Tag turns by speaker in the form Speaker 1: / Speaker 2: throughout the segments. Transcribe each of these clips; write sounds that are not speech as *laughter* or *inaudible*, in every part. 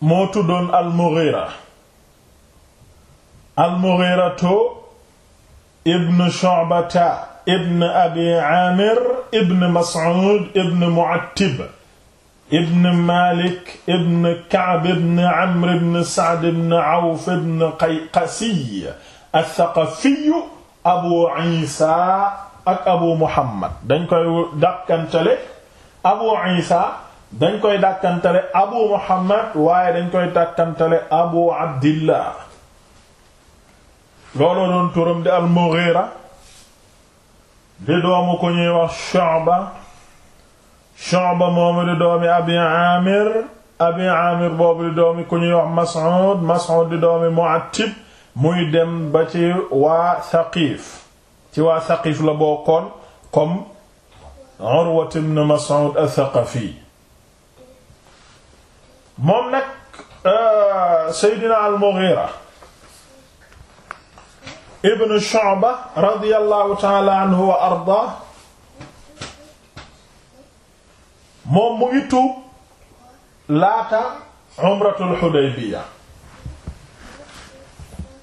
Speaker 1: moo tuddoon al-Mughira al-Mughiratu ibn Shu'bata ibn Abi Amir ibn Mas'ud ibn Mu'attib ibn Malik ibn Ka'b ibn Amr ibn Sa'd ibn Awf ibn Qayqasi ath-Thaqafi Abu Isa ak Abu Muhammad dañ koy dàkkantale Abu Isa dañ koy dàkkantale abu muhammad waaye dañ koy dàkkantale abu abdillah looloo doon turam di al di doomu ku ñuy wax Shu'ba Shu'ba moomu di doomi abi amir boobu di doomi ku ñuy wax Mas'ud Mas'ud di doomi Mu'attib muy dem ba ci waa Thaqif ci waa Thaqif la bokkoon comme Urwa ibn Mas'ud al-Thaqafi moom nag euh, Seydina al-Mughira ibn Shu'ba radiyallahu ta'ala anhu wa arda moom mu ngi tuub laata umratul Hudaybiya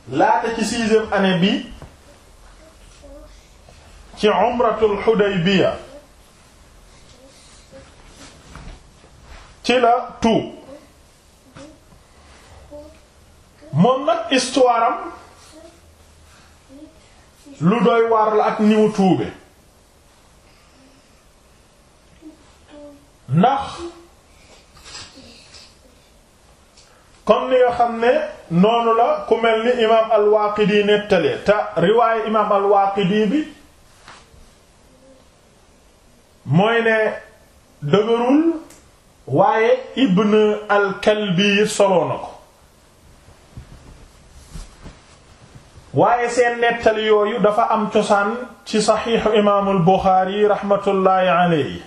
Speaker 1: laata ci sixième année bi ci umratul Hudaybiya ci la tuub moom nag histoire lu doy waar la ak ni mu tuube ndax comme ni nga xam ne noonu la ku mel ni imaam al-Waaqidi te riwaaye imaam al bi mooy ne dëgërul waaye Ibn al-Kalbi na ko waaye seen nettali yooyu dafa am cosaan ci saxiixu imaamul Buxaari raxmatullaahi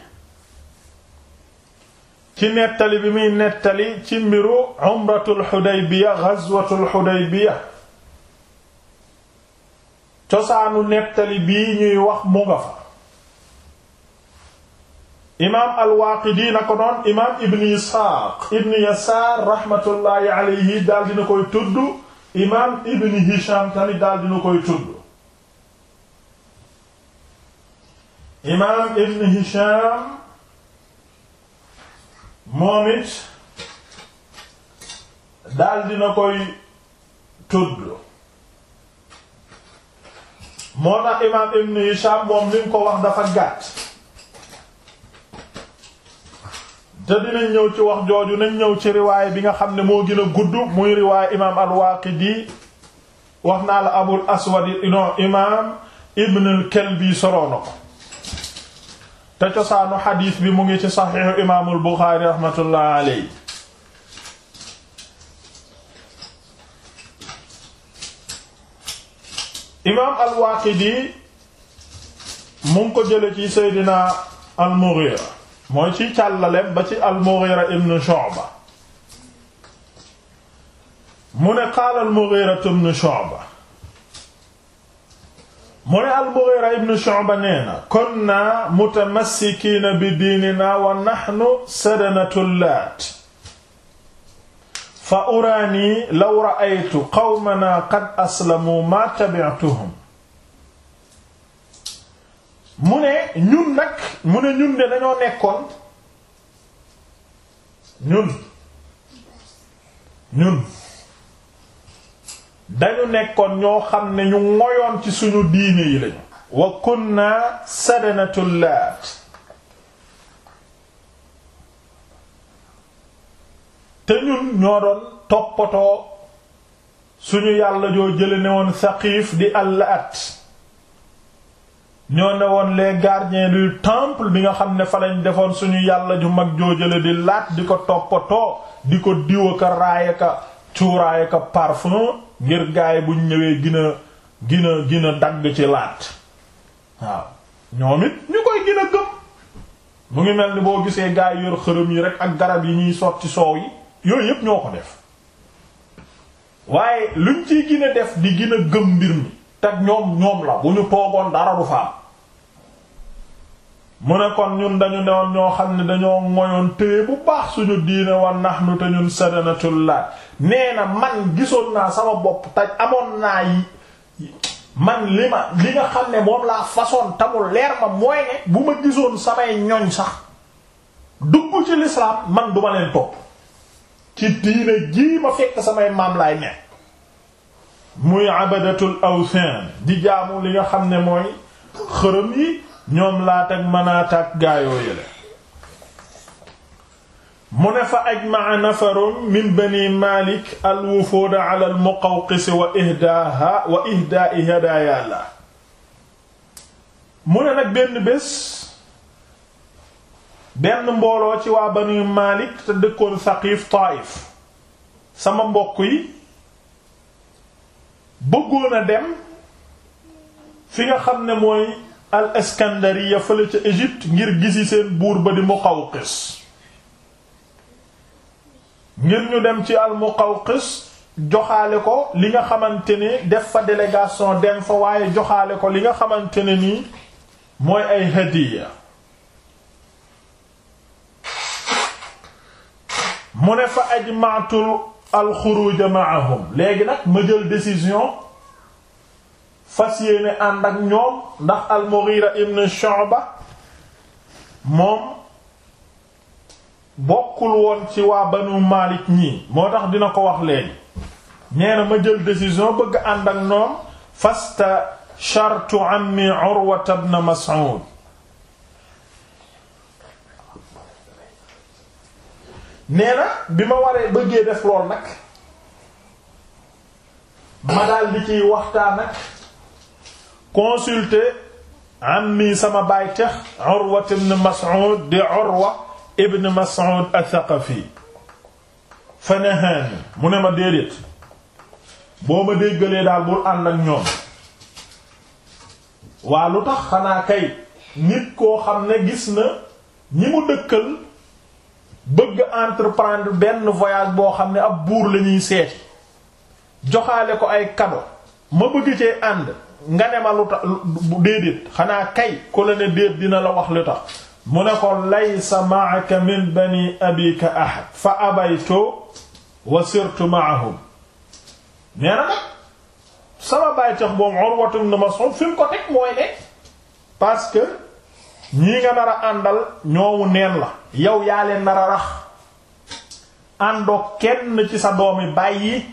Speaker 1: ci nettali bi muy nettali ci mbiru umratul Xudaybiya gazwatul cosaanu nettali bi ñuy wax mu nga fa imaam al-Waaqidi na ko noon imaam ibn Isxaaq ibn Yasaar raxmatullaahi alayhi daal dina koy tudd imaam ibn Hisham tamit daal dina koy tudd imaam ibn Hisham moom it daal dina koy tudd moo tax imaam ibn Hisham moom li mu ko wax dafa gàtt te dinañ ñëw ci wax jooju na ñëw ci riwaay bi nga xam ne moo gën a gudd muy riwaay imaam al-Waaqidi wax naa la Abul Aswad non imaam Ibn al-Kalbi te cosaanu xadiis bi mu ngi ci saxiixu imaamul Buxaari raxmatullaahi alayhi imaam al-Waaqidi mu ngi ko jële ci Seydina al-Mughira mooy ci càllaleem ba ci al-Mughira ibn Shu'ba mu ne qaala al-Mughira ibn Shu'ba mu ne al-Mughira ibn Shu'ba nee na kunna mutamassikiina bi diinina wa nahnu sadanatu Laat fa uraani law ra'aytu qawmana qad aslamu ma tabi'tuhum mu ne ñun nag mu ne ñun de dañoo nekkoon ñun ñun dañu nekkoon ñoo xam ne ñu ngoyoon ci suñu diine yi lañu wa kunna sadanatul laat te ñun ñoo doon toppatoo suñu yàlla joo jële ne woon saqiif di àll at ñoo ne woon lee gardiens du temple bi nga xam ne falañ defoon suñu yàlla ju mag joojale di laat di ko toppatoo di ko diw ka raaya ka cuuraaya ka parfum ngir gaay buñ ñëwee gina gina gina dagg ci laat waaw ñoom it ñu koy gina gëm mu ngi mel ni boo gisee gaay yor xërëm yi rek ak garab yi ñuy sotti soow yi yooyu yépp ñoo ko def waaye luñ ciy gina def di gina gëm mbir mi te ñoom ñoom la bu ñu toogoon dara du mu ne kon ñun dañu newoon ñoo xam ne dañoo moyoon téye bu baax suñu diine wa nahnu te ñun sadanatul laaj nee na man gisoon naa sama bopp taj amoon naa yi man li ma li nga xam ne moom laa façon tamul leer ma mooy ne bu ma gisoon samay ñoñ sax dugg ci lislaam man duma leen topp ci diine jii ma fekk samay maam laay ne muy abadatul awthan di jaamu li nga xam ne mooy xërëm yi ñoom laat ak manaat ak gaayoo mu ne fa ajmaa nafarun min bani malik al wufuuda ala al muqawqis wa ihdaaha wa ihdaa'i hadaaya la mu ne nag benn bés benn mbooloo ci waa bani malik te dëkkoon saqiif taaif sama mbokk yi bëggoon dem fi nga xam ne mooy al iskandariya fële ca Égypte ngir gisi seen buur ba di Muqawqis ngir ñu dem ci al Muqawqis joxaale ko li nga xamante ne def fa délégation dem fa waaye joxaale ko li nga xamante ne nii mooy ay hadiya mu ne fa ajma'tu al xuruj ma'ahum léegi nag ma jël décision fas yéene ànd ak ñoom ndax al-Mughira ibn Shu'ba moom bokkul woon ci waa Banu Malik ñii moo tax dina ko wax léegi nee na ma jël décision bëgg ànd ak ñoom fasta shartu ammi Urwa ibn Mas'ud nee na bi ma waree bëggee def lool nag ma daal di waxtaan ak consulter ammi sama baay tex Urwa ibn Mas'ud di Urwa ibn Mas'ud ath-Thaqafi fa nahaani mu ne ma déedéet boo ma déggalee daal bul ànd ak ñoom waa lu tax xanaa kay nit koo xam ne gis na ñi mu dëkkal bëgg entreprendre benn voyage boo xam ne ab buur lañuy ñuy seeti joxaale ko ay cadeau ma bëgg cee ànd nga ne ma lu déedéet xanaa kay ku la ne déet dina la wax lu tax mu ne ko laysa ma'aka min bani abika ahad fa abaytu wa sirtu ma'ahum nee na nag sama bàyyi tax boobu Urwatu ibn Mas'ud fi mu ko teg mooy ne parce ñii nga nar a àndal ñoowu neen la yow yaa leen nar a rax àndoo kenn ci sa doomi bàyyi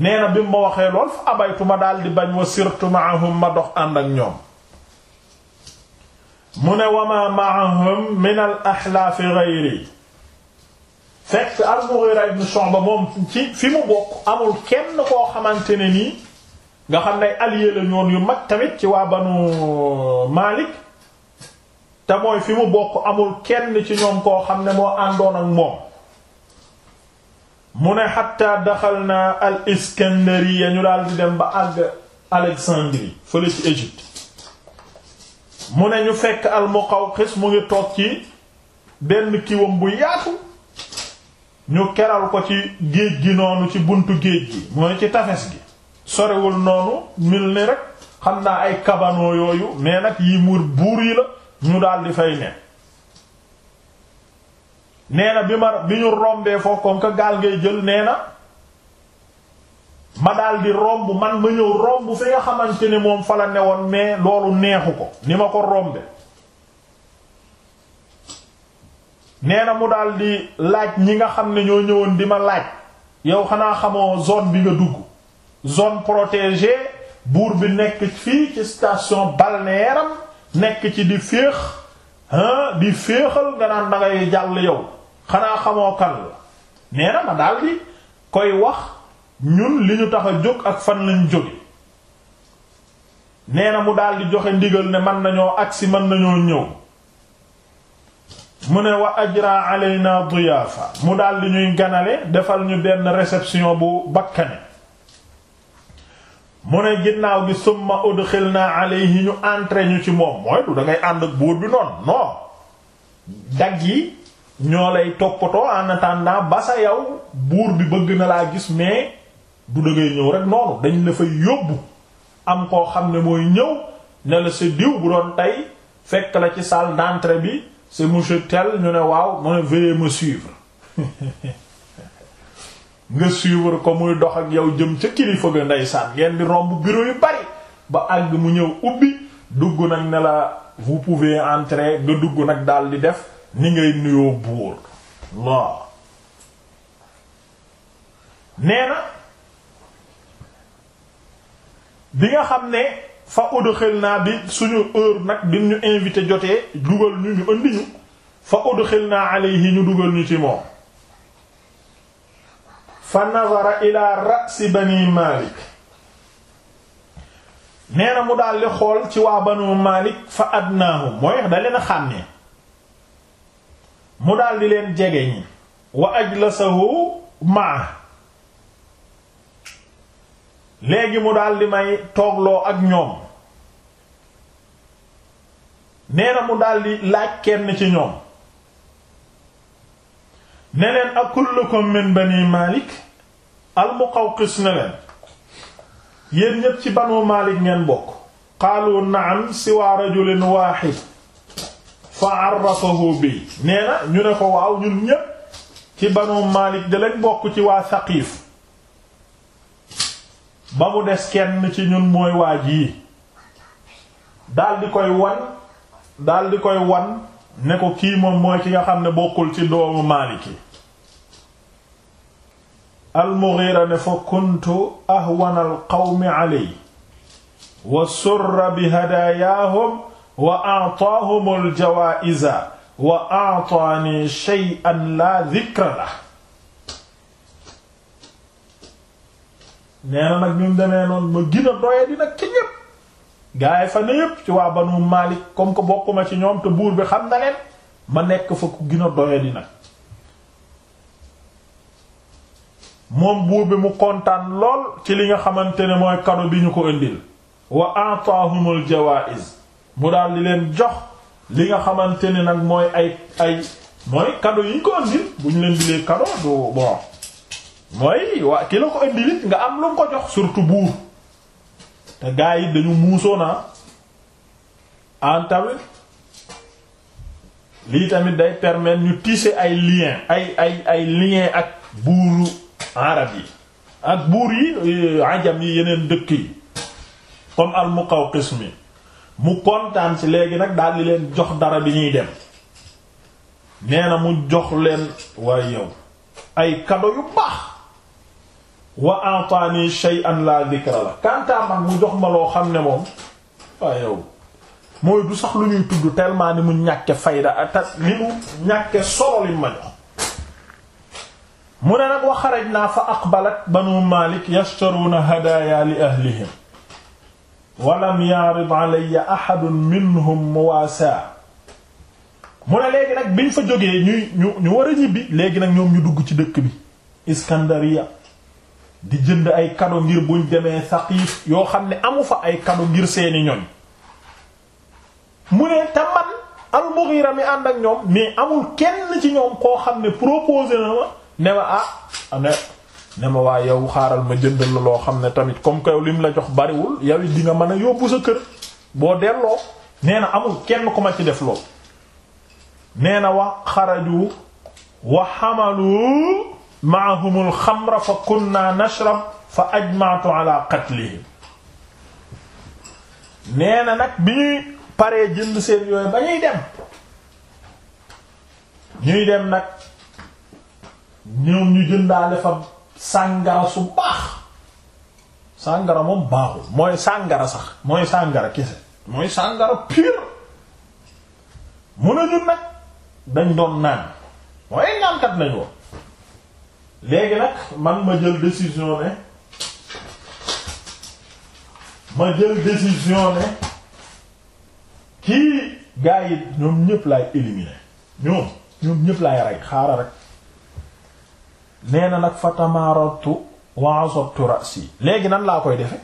Speaker 1: nee bi mu ma waxee lool fa abaytu ma daal di bañ wa sirtu maahum ma dox ànd ñoom mu ne wama maahum min al axlaafi gayri fekk al-Mughira ibn Shu'ba moom ci fi mu bokk amul kenn koo xamante ne nii nga xam ne allié la ñoon yu mag tamit ci waa banu Malik te mooy fi mu bokk amul kenn ci ñoom koo xam ne moo àndoon ak moom mu ne xatta daxal naa al iskandariya ñu daal di dem ba àgg Alexandrie fële ci Égypte mu ne ñu fekk al Muqawqis mu ngi toog ci benn kiwam bu yaatu ñu keral ko ci géej gi noonu ci buntu géej gi mooy ci tafes gi sorewul noonu mil ni rek xam naa ay kabano yooyu mais nag yi muur buur yi la ñu daal di fay ne nee na bi ma bi ñu rombee foo comme gaal ngay jël nee na ma daal di romb man ma ñëw romb fi nga xamante ni moom fa la newoon mais loolu neexu ko ni ma ko rombe nee mu daldi laaj ñi nga xam ne ñoo ñëwoon di ma laaj yow xanaa xamoo zone bi nga dugg zone protégée buur bi nekk fii ci station balnéaire nekk ci di féex hein di féexal nga naan da jàll yow xanaa xamoo kan la nee na ma daal koy wax ñun li ñu tax a jóg ak fan lañ jóge nee na mu daldi di joxe ndigal ne mën nañoo agsi mën nañoo ñëw mu ne wa ajra alayna diyaafa mu daldi di ñuy ganale defal ñu benn réception bu bakkane mu ne ginnaaw gi summa udxilna alayhi ñu entré ñu ci moom mooy du dangay ànd ak buur bi noonu non dag yi ñoo lay toppatoo en attendant ba sa yow buur bi bëgg na laa gis mais du dëggay ñëw rek noonu dañ la yóbbu am koo xam ne mooy ñëw ne la sa diw bu doon tey fekk la ci salle d'entrée bi c'est monsieur tell ñu ne waaw mu ne veuillez me suivre *laughs* nga suivre ko muy dox ak yow jëm ca kilifa ga ndeysaan ngeen di romb bureau yu bari ba àgg mu ñëw ubbi dugg nag ne la vous pouvez entrer nga dugg nag daal di def ni ngay nuyoo buur nee na bi nga xam ne fa udxil naa bi suñu heure nag bi ñu invité jotee dugal ñu ñu andi ñu fa udxil naa alayhi ñu dugal ñu ci moom fa nazara ila ra'si bani malik nee na mu daldi xool ci waa banu malik fa adnaahum mooy da leen xàmmee mu daldi leen jege ñi wa ajlasahu maa léegi mu daal may toogloo ak ñoom nee na mu daldi di laaj kenn ci ñoom ne leen akullukum min bani Malik al-Muqawqis ne leen yéen ñépp ci banu Malik ngeen bokk qaalu na'am siwa rajulin wahid fa arrafahu bi nee na ñu ne ko waaw ñun ñépp ci banu Maalik da lañ bokk ci waa Saqiif ba mu des kenn ci ñun mooy waa ji daal di koy wan daal koy wan ne ko kii moom mooy ki nga xam ne bokkul ci doomu Maalik yi al ne fa kuntu ahwana qawmi alay wa surra bi hadayaahum wa a'taahum al-jawaa'iza wa a'taani shay'an laa dhikra lahu nee nag ñu demee noonu ma gën a nag ci ñépp gaa yi fa ne yépp ci waa Banu Maalik comme que bokkuma ci ñoom te buur bi xam na leen ma nekk fa ku gën a nag moom buur bi mu kontaan lool ci li nga xamante ne mooy kado bi ñu ko indil wa a'taahum al-jawaa'iz mu daal di leen jox li nga xamante ne nag mooy ay ay mooy cadeau yi ñu ko andil bu ñu leen di lee cadeau du bon mooy waa ki la ko andil it nga am lu ko jox surtout buur te gaa yi dañu muusoo naa ah. en tamit lii tamit day permettre ñu tisser ay liens ay ay lien ak buuru arab yi ak buur yi eh, ajam yi yeneen dëkk yi comme al Muqawqis mi mu kontaan si léegi nag daal di leen jox dara bi ñuy dem nee mu jox leen waaye yow ay kado yu baax wa ataani shay'an la dhikra la kantaa man mu jox ma loo xam ne moom waaye yow mooy du sax lu ñuy tudd tellement ni mu ñàkke fayda ata ni mu ñàkke solo li ma jox mu ne nag wa xarajnaa fa aqbalat banu malik yashtaruna hadaya li ahlihim walam yaarid alayya ahadun minhum muwaasa mu ne léegi nag biñ fa jógee ñu ñu war a ñibbi léegi nag ñoom ñu dugg ci dëkk bi Iskandariya di jënd ay kado ngir buñ demee Saqiif yoo xam ne amu fa ay kado ngir seeni ñoñ mu ne te man al mi ànd ak ñoom mais amul kenn ci ñoom koo xam ne proposé na ma ne ma ah ne ma waa yow xaaral ma jëndal la loo xam ne tamit comme que yow lim la jox bariwul yow it di nga mën a yóbbu sa kër boo delloo nee na amul kenn ku ma ci def lool nee na wa xaraju wa xamalu maahumul xamra fa kunna nashrab fa ajmaatu ala qatlihim nee na nag bi ñuy paree jënd seen yooyu ba ñuy dem ñuy dem nag ñoom ñu jëndaale fa sàngara su baax sàngara moom baaxul mooy sàngara sax mooy sàngara kese mooy sàngara pire mu ne ñun nag dañ doon naan mooy ñaankat nañ woon léegi nag man ma jël décision ne ma jël décision ne kii gaa yi ñoom ñëpp laay éliminer ñoom ñoom ñëpp laay rey xaaral rek nee na nag fatamaaratu wa asabtu ra'si léegi nan laa koy defe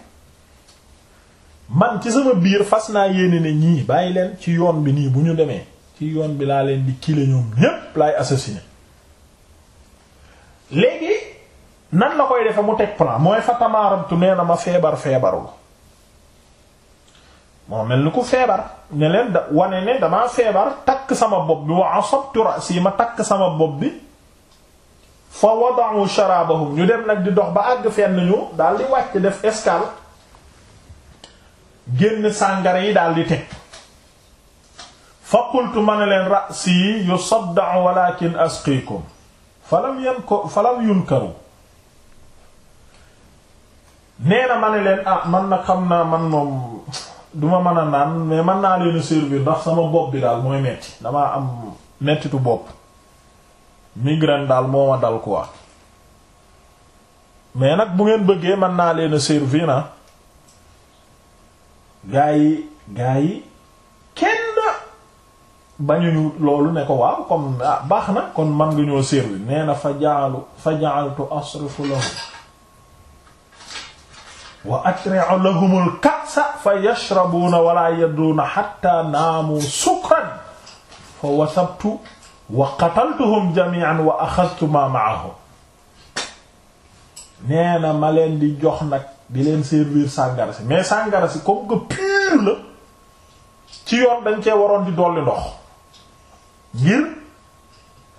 Speaker 1: man ci sama biir fas naa yéene ne ñii bàyyi leen ci yoon bi nii bu ñu demee ci yoon bi laa leen di kile ñoom ñépp laay assassiné léegi nan la koy defe mu teg plan mooy fatamaaratu nee na ma feebar feebaru moo mel ni ku feebar ne leen da wane ne damaa feebar takk sama bopp bi wa asabtu ra'si ma takk sama bopp bi fa wada'u sharabahum ñu dem nag di dox ba àgg fenn ñu dal di wàcc def escale génn sàngara yi daal di teg fa qultu ma ne leen ra'si yusadda'u walakin asqikum falam yanko falam yunkaru nee na ma leen ah man na xam naa man moom duma mën a naan mais mën naa leen servir ndax sama bopp bi daal mooy metti damaa am mettitu bopp migraine daal moo ma dal quoi mais nag bu ngeen bëggee mën naa leen a servir na gaa yi kenn bañuñu loolu ne ko waaw comme ah, baax na kon man nga ñoo servir nee na fa jaalu fa jaaltu asrifu lahum wa atri'u lahumul ka'sa fa yashrabuuna wala yadruuna hatta naamu sukran fa wasabtu wax qataltuhum jami'an wa axadtu ma ma'ahum na ma leen di jox nag bi leen servir sàngara si mais sàngara si comme que pur la ci yoon dañ cee waroon di dolli ndox ngir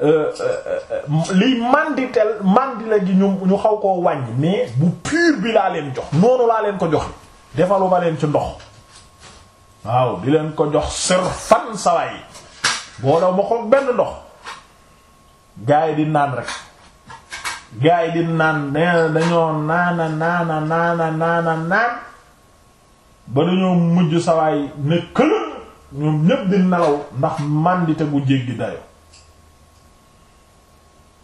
Speaker 1: euh, euh, li manditel mandi la gi ñu ñu xaw koo wàññi mais bu pur bi laa leen jox noonu laa leen ko jox defaluma leen ci ndox waaw di leen ko jox sër fan saway booloo ma xoog benn ndox gaay yi di naan rek gaay yi di naan nee dañoo naana naana naana naana naan ba dañoo mujj sawaay ne këla ñoom ñépp di nelaw ndax màndite bu jéggi dayo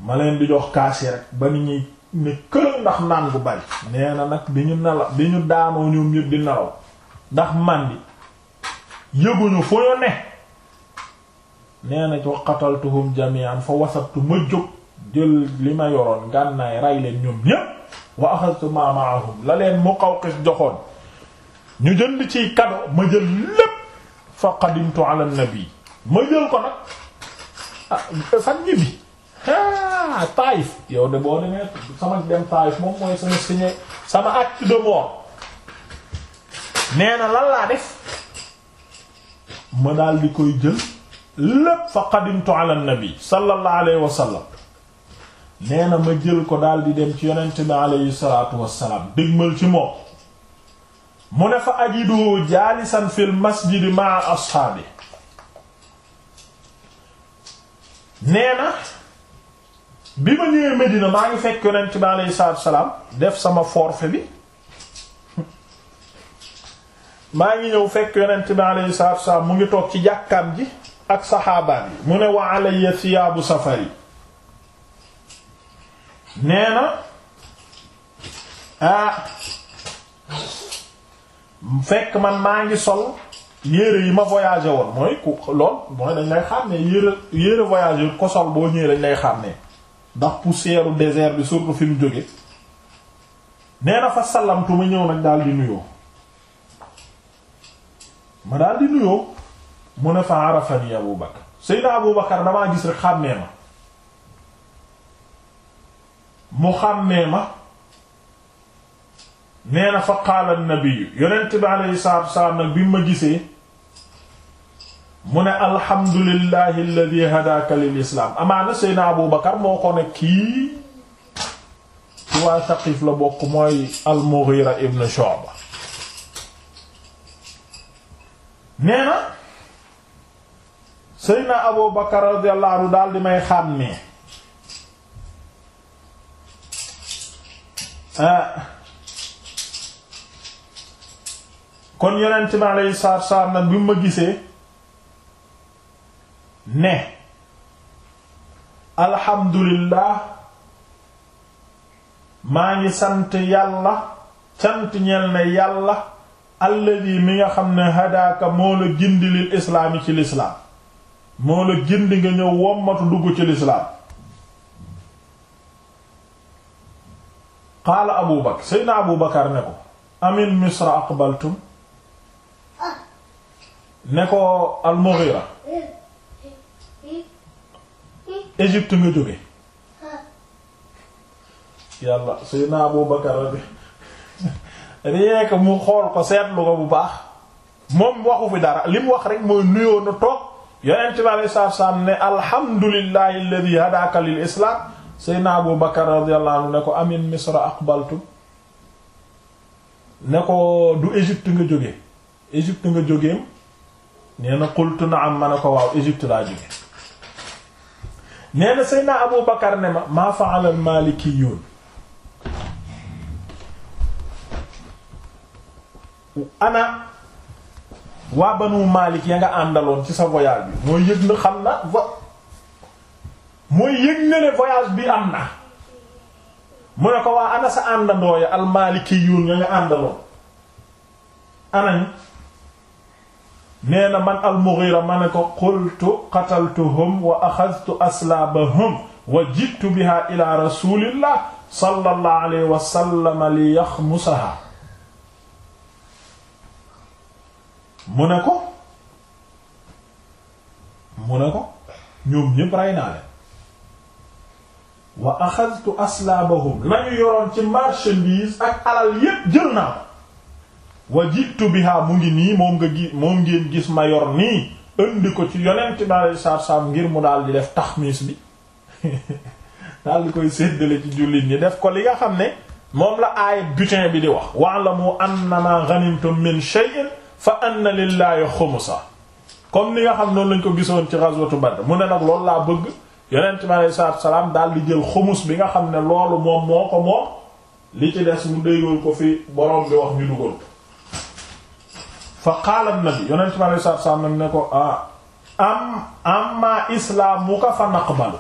Speaker 1: ma leen di jox kaas yi rek ba ni ñuy ne këla ndax naan gu bari nee na nag di ñu nelaw di ñu daanoo ñoom ñépp di nelaw ndax màndi yëguñu foo ne nee na wa qataltuhum jami'an fa wasattu ma jóg jël li ma yoroon gànnaay ray leen ñoom ñépp ma ma'ahum la leen Muqawqis joxoon ñu jënd ci kado ma jël lépp fa qadimtu ala nabi ma jël ko nag ah, ah, yow de boo sama dem Taïf moom mooy sama signé sama acte de mort nee na laa def ma daal di koy jël. lépp fa qadimtu ala nabi sallallahu alayhi wa sallam ma jël ko daal di dem ci yonent bi alayhi salaatu wassalaam dégmal ci moom mu ne fa ajidu jaalisan fil masjidi maa ashaabi nee bi ma ñëwee Medina maa ngi fekk yonent bi alayhi salaatu wassalaam def sama forfait bi *laughs* maa ngi ñëw fekk yonent bi alayhi salaatu wassalaam mu ngi toog ci jàkkaam ji ak saxaabaan yi mu ne wa alayya siyaabu safari nee na ah fekk man maa ngi sol yére yi ma voyagé woon mooy ku lool mooy dañ lay xam yére yére voyagé ko sol boo ñëwee dañ lay xam ne ndax poussière u bi surtout fi mu jóge nee fa sallamtu ma ñëw nag daal di nuyoo ma daal di nuyoo mu ne fa arafani Abu Bakar Seydina Abu Bakar damaa gis rek xàmmee ma mu xàmmee ma nee na fa qaala an-nabi yonent bi alayhi salaatu wasalaam nag bi ma gisee mu ne alhamdulillahi alladhi hadaaka lil islaam amaana Seydina Abu Bakar moo ko ne kii ci waa Saqiif la bokk mooy al-Mughira ibn Shu'ba nee na Seydina Abu Bakar radiyallahu daal di may xàmmee ah. kon yonent mi alayhi salaatu salaam nag bi mu ma gisee ne alhamdulillah maa ngi sant yàlla sant ñeel ne yàlla alladi mi nga xam ne hadaaka moo la gindi lil islaami ci lislaam moo la gindi nga ñëw wommatu dugg ci lislaam qaala abu bakar seydna abu bakar ne ko amin misra aqbaltum ne ko almughira égypte nga jóge yàlla seydna abu bakar rek mu xool ko seetlu ko bu baax moom waxu fi dara li wax rek mooy nuyoo toog yonent bi alayhi salaatu salaam ne Abu Bakar radiyallahu anhu ne ko amin misra aqbaltu ne ko du Égypte nga jóge Égypte nga jógeem nee na qultu na'am ma ne ko waaw Égypte laa jóge nee na Abu Bakar ne ma maa fa'ala maalikiyuun ana waa banu Malik ya àndaloon ci sa voyage bi mooy yëg na xam na vo bi am na mu ne ko waa ana sa àndandoo almaalikiyuun ya àndaloon anañ nee na man al mane ko qultu qataltuhum wa axadtu aslaabahum wa jiitu biha ila rasulillah sallallahu alayhi wa li yaxmusaha mu ne ko mu ne ko ñoom ñépp rey naa leen wa axadtu aslaabahum lañu yoroon ci marchandise ak alal yépp jël naa ko wa jiitu biha mu ngi nii moom nga gi moom ngeen gis ma yor nii indi ko ci yonent bi alei satu ngir mu dal di def taxmis bi *laughs* dal di koy séddale ci jullit ñi def ko li nga xam ne moom la aay butin bi di wax wa'lamu annama ghanimtum min shay'in fa anna lillaahi xumusa comme ni nga xam noonu lañ ko gisoon ci ghazwatu Badr mu ne nag loolu laa bëgg yonent bi alayhi salaatu salaam daal di jël xumus bi nga xam ne loolu moom moo ko moom li ci des mu déggoon ko fi borom bi wax ñu dugal ko fa qaala an-nabi yonent bi alayhi salaatu salaam nag ne ko ah am amma islaamuka fa naqbalu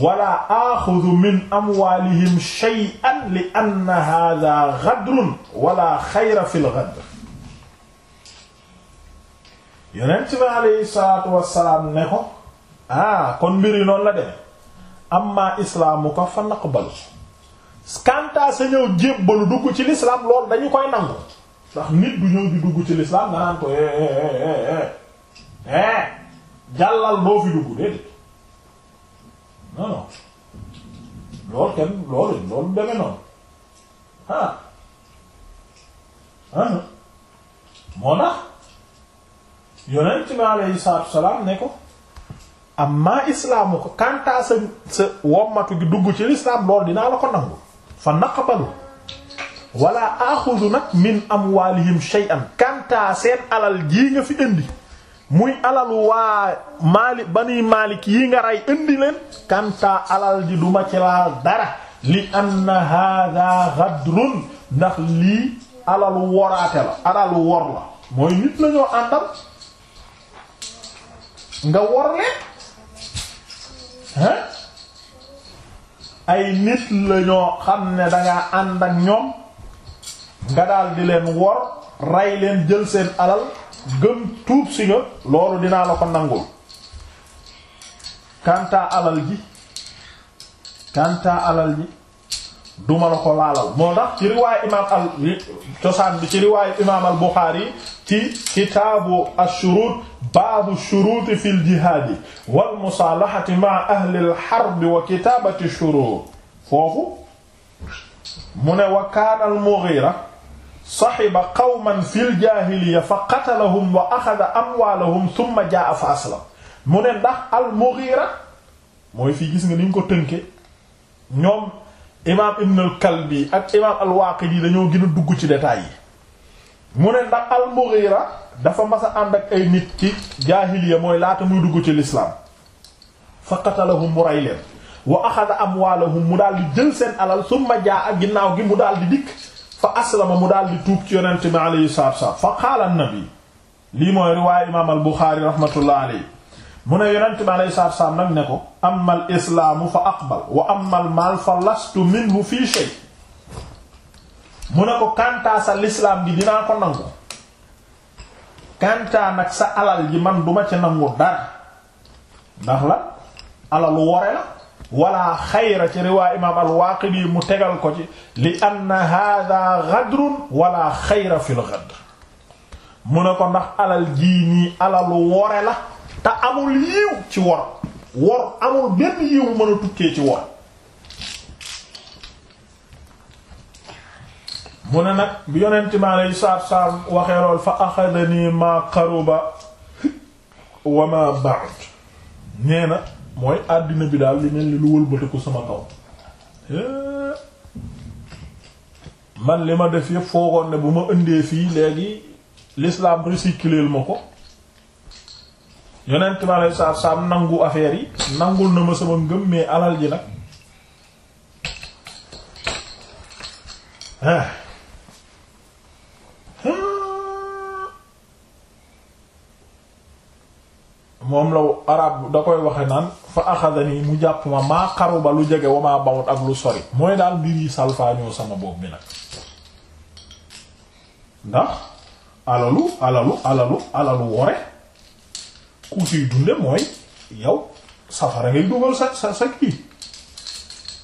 Speaker 1: wala axudu min amwaalihim shay'an li anna haadha ghadrun wala xayra fil ghadr yonent bi aleyhi salaatu wassalaam ne ko ah kon mbir yi noonu la dem amma islaamu ko fa naqbal kantaa sa ñëw jébbalu dugg ci lislaam loolu dañu koy nangu ndax nit du ñëw di dugg ci lislaam nga naan ko eh, eh, eh, jàllal doo fi dugg déedéet non non kenn loolu loolu deme noonu ah. ah moo tax yonent bi aleyhi salaatu wasalaam ne ko islaamu ko kantaa sa wommatu gi dugg ci lislaam lool dinaa la ko nangu fa naqbalu wala axudu nag min amwalihim shay'an kantaa seen alal jii nga fi indi muy alal waa maali bani maalik yi nga rey indi leen kantaa alal ji duma ci laal dara li anna hada ghadrun ndax lii alalu woraate la alalu wor la mooy nit lañoo àndal nga wor leen hein ay nit la ñoo xam ne dangaa ànd ak ñoom nga daal di leen wor rey leen jël seen alal gëm tuub si nga loolu dinaa la ko nangul kantaa alal ji kantaa alal ji duma la ko laalal moo tax ci riwaayu imaam al cosaan bi ci riwaayu imaam al Buxaari ci kitaabu ashurut baabu shuruuti fil jihaadi wal musaalahati ma'a ahlil harbi wa kitaabati shuruut foofu mu ne wa al-Mughiira sahiba qawman fil jaahiliyya fa qatalahum wa akhadha amwaalahum thumma jaa'a fa mu ne ndax al-Mughiira mooy fii gis nga ni ñu ko tënkee ñoom imaam Ibn al-Kalbi ak imaam al-Waaqidi dañoo gën a dugg ci détails yi mu ne ndax al-Mughiira dafa mas ànd ak ay nit ci jaahiliya mooy laata muy dugg ci lislaam fa qatalahum mu rey leen wa axada amwaalahum mu dal di jël seen alal summa jaa ak ginnaaw gi mu daal di dikk fa aslama mu daal di tuub ci yonente bi alayhi salaatu wasalaam fa qaala nabi lii mooy riwaaya imaam al buxaari rahmatullah alayhi mu ne yonente bi alayhi salaatu wasalaam nag ne ko amma al islaamu fa aqbal wa amma al maal fa lastu minhu fii shay mu ne ko kantaasa lislaam gi dinaa ko nangu kantaan nag sa alal ji man duma ci nangu dara ndax la alalu wore la wala xayra ci riwaa imaam al-Waaqidi mu tegal ko ci li anna hada gadrun wala xayra fi l mu ne ko ndax alal jii nii alalu wore la te amul yiw ci wor wor amul benn yiw mën a tukkee ci wor mu ne nag bi yonent mi aleyhi salaatu salaam waxee fa axadanii maa qaruba wa maa ba'd nee na mooy àddina bi daal li mel ni lu wëlbatiku sama kaw man li ma def yëpp foogoon ne bu ma indee fii léegi lislaam recycler ma ko yonent mi aleyhi salaatu salaam nangu affaire yi nangul na ma sama ngëm mais alal ji nag ah. moom la arab da koy waxe naan fa axadani mu jàpp ma maa xaru ba lu jege wa maa bawut ak lu sori mooy daal mbir salfaañoo sama bopp bi nag ndax alalu alalu alalu alalu wore ku dunde mooy yow safara ngay dugal sa sa kii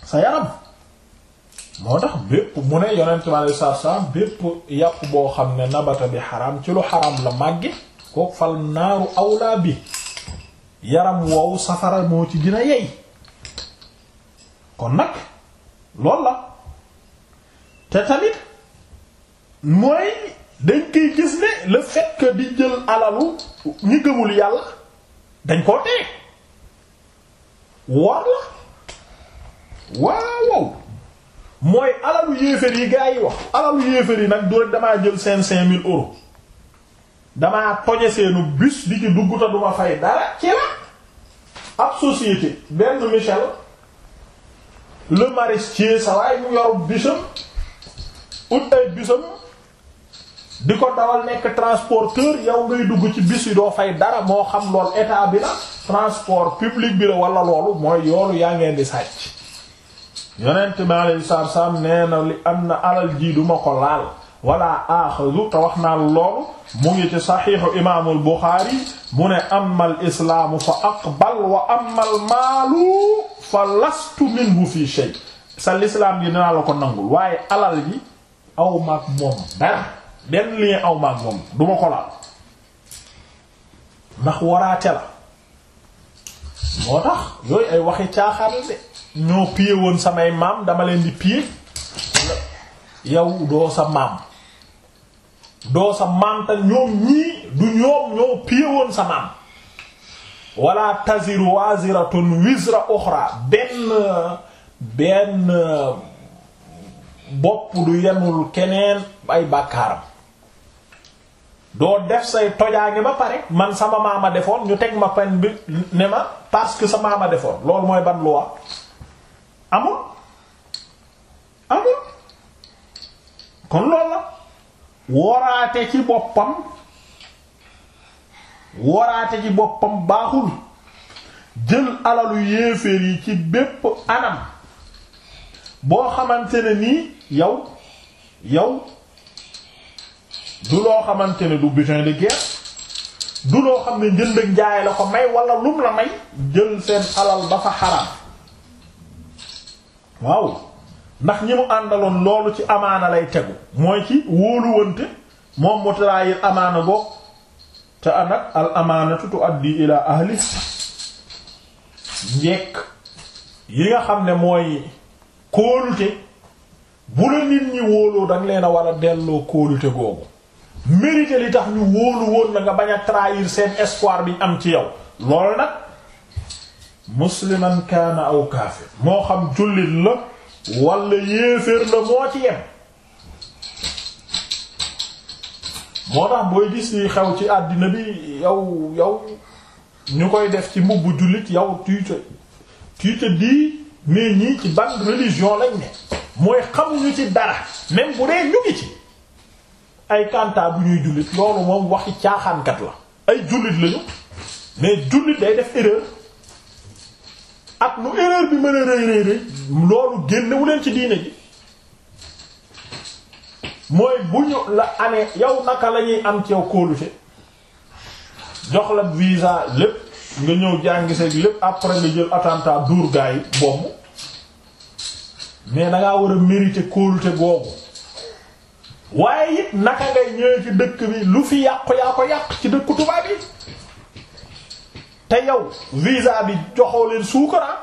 Speaker 1: sa yaram moo tax bépp mu ne yonent bi alei satu salaam bépp yàpp boo xam ne nabata bi xaram ci lu xaram la màgge kooku fal naaru awlaa bi yaram woowu safara moo ci dina yey kon nag lool la te tamit mooy dañ koy gis ne le fait di jël alalu ñu gëmul yàlla dañ koo tee war la waaw mooy alalu yéeféer yi gaa yi wax alalu yéeféer yi nag du rek damaa jël seen cinq mil euros dama toje seenu bus di ci dugg te duma fay dara ci la ab société benn Michel le maraîcher sa waay mu yor busam ut ay busam di ko dawal nekk transporteur yow ngay dugg ci bis yi doo fay dara moo xam lool état bi la transport public bi la wala loolu mooy yoolu yaa ngeen di sàcc yonent bi aleyhi salaatu salaam nee li am na alal ji duma ko laal wala axazu te wax naa loolu mu ngi ci saxiixu imaamul Buxaari mu ne amal islaamu fa aqbal wa amal maalu fa lastu minhu fi shay sa lislaam yi dinaa la ko nangul waaye alal yi aw maag moom dara benn lien aw maag moom du ko laal ndax waraate la moo tax yooyu ay waxi caaxaan de ñoo piye woon samay maam dama leen di piye yow doo sa maam doo sa maam te ñoom ñii du ñoom ñoo piyewoon sa maam wala taziru waziratun wizra uxra benn benn bopp du yenul keneen ay bàkkaaram doo def say tojaange ba pare man sama maam a defoon ñu teg ma pen bi ne ma parce que sa maama defoon loolu mooy ban loi amul amul kon loolu la waraate ci boppam waraate ci boppam baaxul jël alalu yéeféer yi ci bépp anam boo xamante ne nii yow yow du loo xamante ne du butin de du loo xam ne njënd ak njaay la ko may wala lum la may jël seen alal dafa xaraam waaw ndax ñi mu àndaloon loolu ci amaana lay tegu mooy ci wóoluwante moom mu traahir amaana boo te anak al amaanatu tuaddi ila ahli njekk yi nga xam ne mooy kóolute bu la nit ñi wóoloo danga leen a war a delloo kóolute googu mérité li tax ñu wóolu woon na nga bañ a trahir seen espoir biñ am ci yow loolu nag musliman kaana aw kaafir moo xam jullit la wala yéeféer la moo ci yem moo tax booy gis yi xew ci àddina bi yow yow ñu koy def ci mbubb jullit yow tu te tu te ci ban religion lañ ne mooy xamuñu ci dara même bu dee ñu ci ay kanta bu ñuy jullit loolu moom waxi caaxaankat la ay jullit lañu mais jullit day def erreur ak nu erreur bi mën a rëy rëy rëy loolu génnewu ci diine ji mooy bu ñu la amee yow naka la ñuy am ci yow kóolute jox la visa lépp nga ñëw jàngi seeg lépp après nga jël attentat duur gaa bomb mais da war a mériter kóolute googu waaye it naka ngay ñëwee ci dëkk bi lu fi yàqu yaa ko yàq ci dëkku tubaab yi. te yow visa bi joxoo leen suukara ah?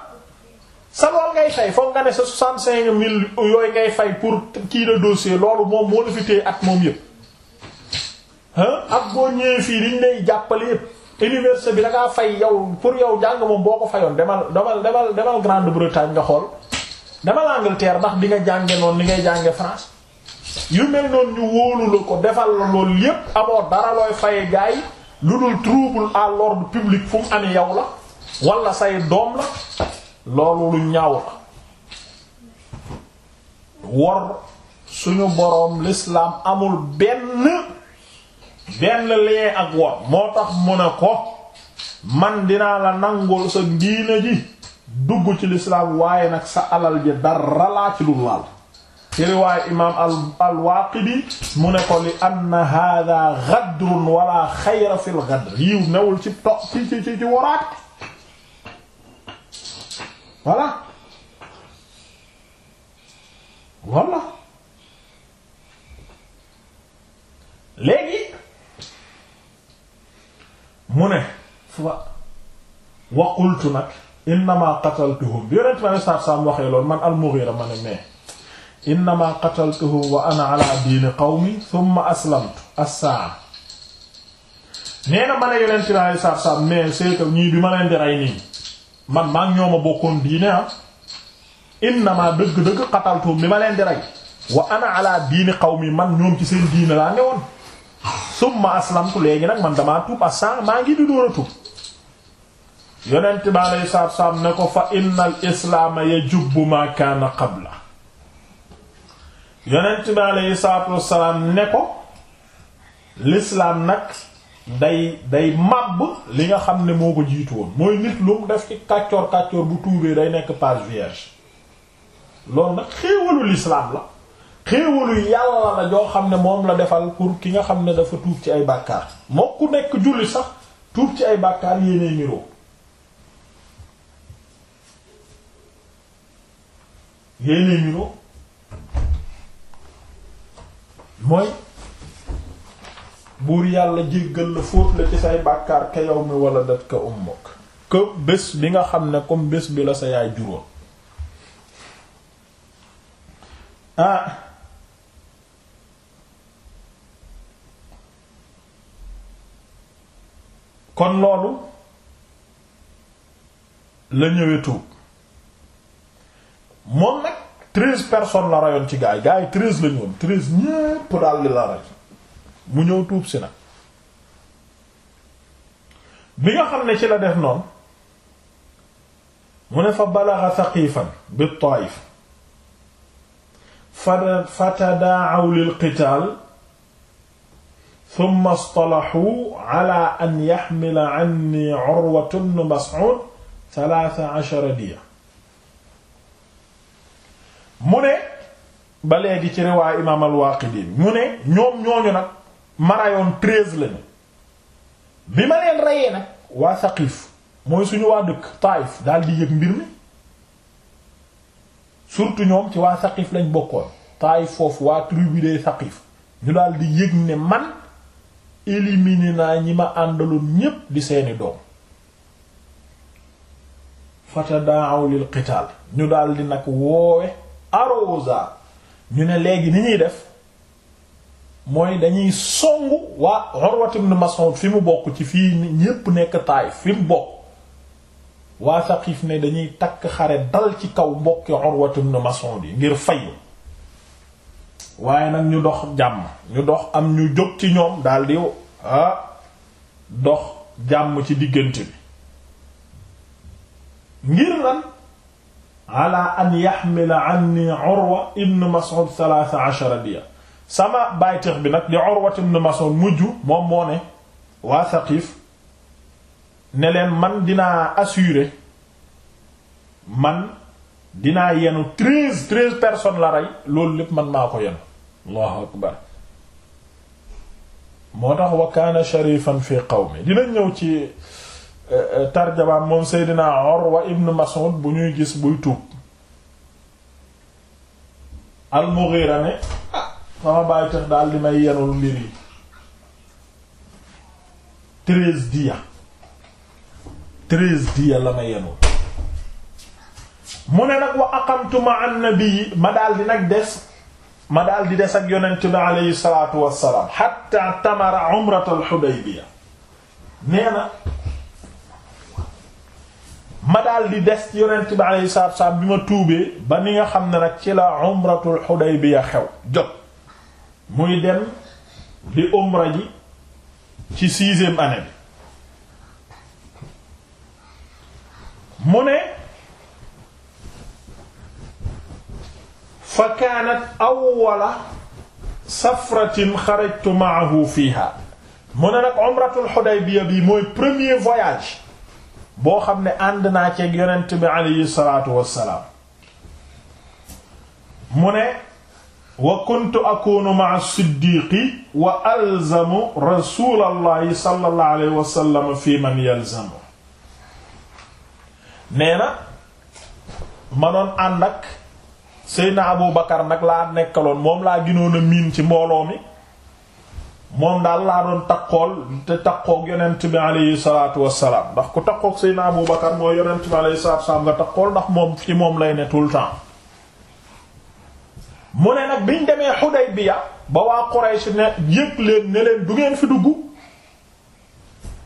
Speaker 1: sa lool ngay fay foog nga ne sa soixante-cinq mille yooyu ngay fay pour kii na dossier loolu moom moo la fi téye at moom yëpp ak boo ñëwee fii liñ lay jàppale yëpp université bi da ngaa fay yow pour yow jàng moom boo ko fayoon demal demal demal demal Grande-Bretagne nga xool demal Angleterre ndax di nga jànge noonu li ngay jànge France yu mel noonu ñu wóolu la ko defal la loolu yépp amoo dara looy faye gaay lu dul trouble à l'ordre public fu mu amee yow la wala say doom la loolu lu ñaaw la wor suñu boroom lislaam amul benn benn lien ak wor moo tax mu ne ko man dinaa la nangul sa diina ji dugg ci l'islam waaye nag sa alal ji dara laa ci dul laal ci riwaay imaam al-Waaqidi mu ne ko li anna haadaa gadrun wala xayra fil gadr yiw newul ci to ci ci ci waraat voilà voilà léegi mu ne fa wa qultu nag innamaa qataltuhum bi yonent ma ne saab saab waxee loolu man al-Mughira ma ne mais innama qataltuhu wa ma ne yeneen saab saab mais c'est que ñii bi ma leen di nii man maa ngi ñoo ma bokkoon diine ah innama dëgg-dëgg qataltuhum bi ma leen di wa ana ala diini qawmi man ñoom ci seen diine laa newoon thumma aslamtu léegi nag man damaa tuub as maa ngi di door tuub yonent bi alayhi ne ko fa innal islaama yajubbu maa kaana qabla yonent bi aleyhi salaatu wassalaam ne ko lislaam nag day day màbb li nga xam ne moo ko jiitu woon mooy nit lu def ci kàccoor kàccoor bu tuubee day nekk page vierge loolu nag xéewalu lislaam la xéewalu yàlla la joo xam ne moom la defal pour ki nga xam ne dafa tuub ci ay bàkkaar moo ku nekk julli sax tuub ci ay bàkkaar yéenee niroo yéenee niroo mooy buur yàlla jéggal la fóot la ci say bàkkaar ka yow mi wala dat ka ummuk que bés bi nga xam ne comme bés bi la sa yaay juróom ah kon loolu la ñëwee tuub moom nag treize personnes la rayoon ci gaa yi gaa yi treize lañu woon treize ñépp daal di la ray mu ñëw tuub si nag bi nga xam ne ci la def noonu mu ne fa balaxa thaqifan bi taif fatadaaw lil qitaal thumma istalaxu ala an yaxmila anni urwatu bnu mas'ud thalaatha ashara diya mu ne ba léegi ci riwaayu imaam al-Waaqidi mu ne ñoom ñooñu nag ma rayoon lañu bi ma leen rayee nag waa Saqiif mooy suñu waa dëkk Taayif daal di yëg mbir mi surtout ñoom ci waa Saqiif lañ bokkoon Taayif foofu waa tribu de Saqiif ñu daal di yëg ne man éliminé naa ñi ma àndaloon ñépp di seeni doom fatadaa'u lil qitaal ñu daal di nag woowe arrosa ñu ne léegi ni ñuy def mooy dañuy songu waa Urwat ibn fi mu bokk ci fii ñépp nekk Taayif fi mu bokk waa xiif ne dañuy takk xare dal ci kaw mbokki Urwat ibn yi ngir fayu waaye nag ñu dox jàmm ñu dox am ñu jóg ci ñoom daldi ah dox jàmm ci diggante bi ngir lan ala an yaxmila anni Urwa ibn Mas'ud thalaatha ashara diya sama bayteex bi nag di Urwa ibn Mas'ud mujj moom moo ne waa Saqiif ne leen man dinaa assurer man dinaa yenu treize treize personnes la rey loolu lépp man maa ko yenu Allahu akbar moo tax wa kaana sharifan fi qawmi dina ñëw ci tarjabaam moom Seydina Urwa ibn Mas'ud bu ñuy gis buy tuub al-Mughira ne ah sama daal di may yenul mbir yi la ma mu ne nag wa aqamtu ma'a an-nabi ma daal di nag des ma daal di des ak yonent bi alayhi salaatu wassalaam hatta tamara umratul Hudaybiya nee na ma daal di des ci yonent bi alayhi salaatu wa bi ma tuubee ba ni nga xam ne nag ci la umratul Hudaybiya xew jot muy dem di umra ji ci sixième année mu ne fa kaanat awwala safratin xarajtu ma'ahu fiiha mu ne nag umratul Hudaybiya bi mooy premier voyage boo xam ne ànd naa ceeg yonent bi aleyhi salaatu wassalaam mu ne wa kuntu akunu ma'a siddiqi wa alzamu rasulallahi sallallahu alayhi wa man yalzamu nee na ma doon ànd ak Seydina Abu Bakar nag laa nekkaloon moom laa ginoon a miin ci mbooloo mi moom daal laa doon takkool te takkoog yonent bi alayhi salaatu wassalaam ndax ku takkoog Seydina Abu Bakar mooy yonent bi alayhi salaatu wassalaam nga takkool ndax moom ci moom lay ne tout le temps ne nag biñ demee ba waa Quraysh ne yëg leen ne leen du fi dugg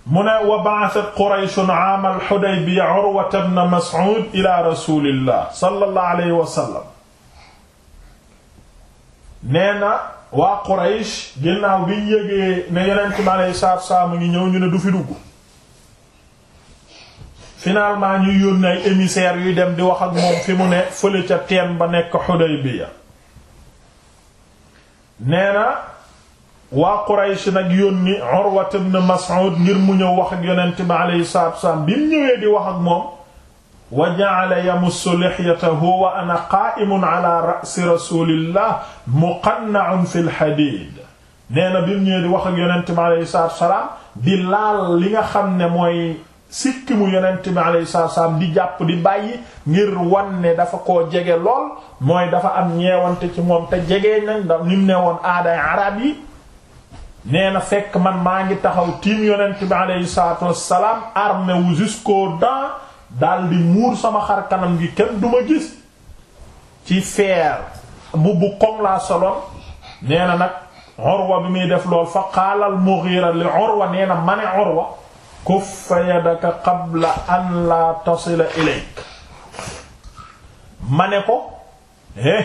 Speaker 1: mu ne wa ba'athat Quraysh aamal Xudaybiya Urwa ibn Mas'ud ila rasulillah sallallahu alayhi waa Quraysh ginnaaw bi ñu yëgee ne yeneen ci malay saaf saaf mu ngi ñëw ñu ne du fi dugg finalement ñuy yónni ay émissaires yuy dem di wax ak moom fi mu ne fële ca teen ba nekk Hudaybiya nee na waa Quraysh nag yónni Urwa ibn Mas'ud ngir mu ñëw wax ak yeneen ci malay saaf saaf bi mu ñëwee di wax ak moom. wa ja'ala yamussu lihyatahu wa ana qaa'imun ala ra'si rasulillah muqanna'un fil hadiid nee na bi mu ñëwee di wax yonent bi alayhi salaatu di laal li nga xam ne mooy sikki mu yonent bi alayhi salaatu di jàpp di bàyyi ngir wan ne dafa ko jege lool mooy dafa am ñeewante ci moom te jege nañ ne woon aaday arab yi nee na fekk man maa ngi taxaw tiim yonent bi alayhi salaatu wassalaam armé wu daal di muur sama xar kanam gi kenn du ma gis ci feer mbubu koŋ laa soloon nee nag Urwa bi muy def lool yadaka qabla an laa tasila ilayk ma ko eh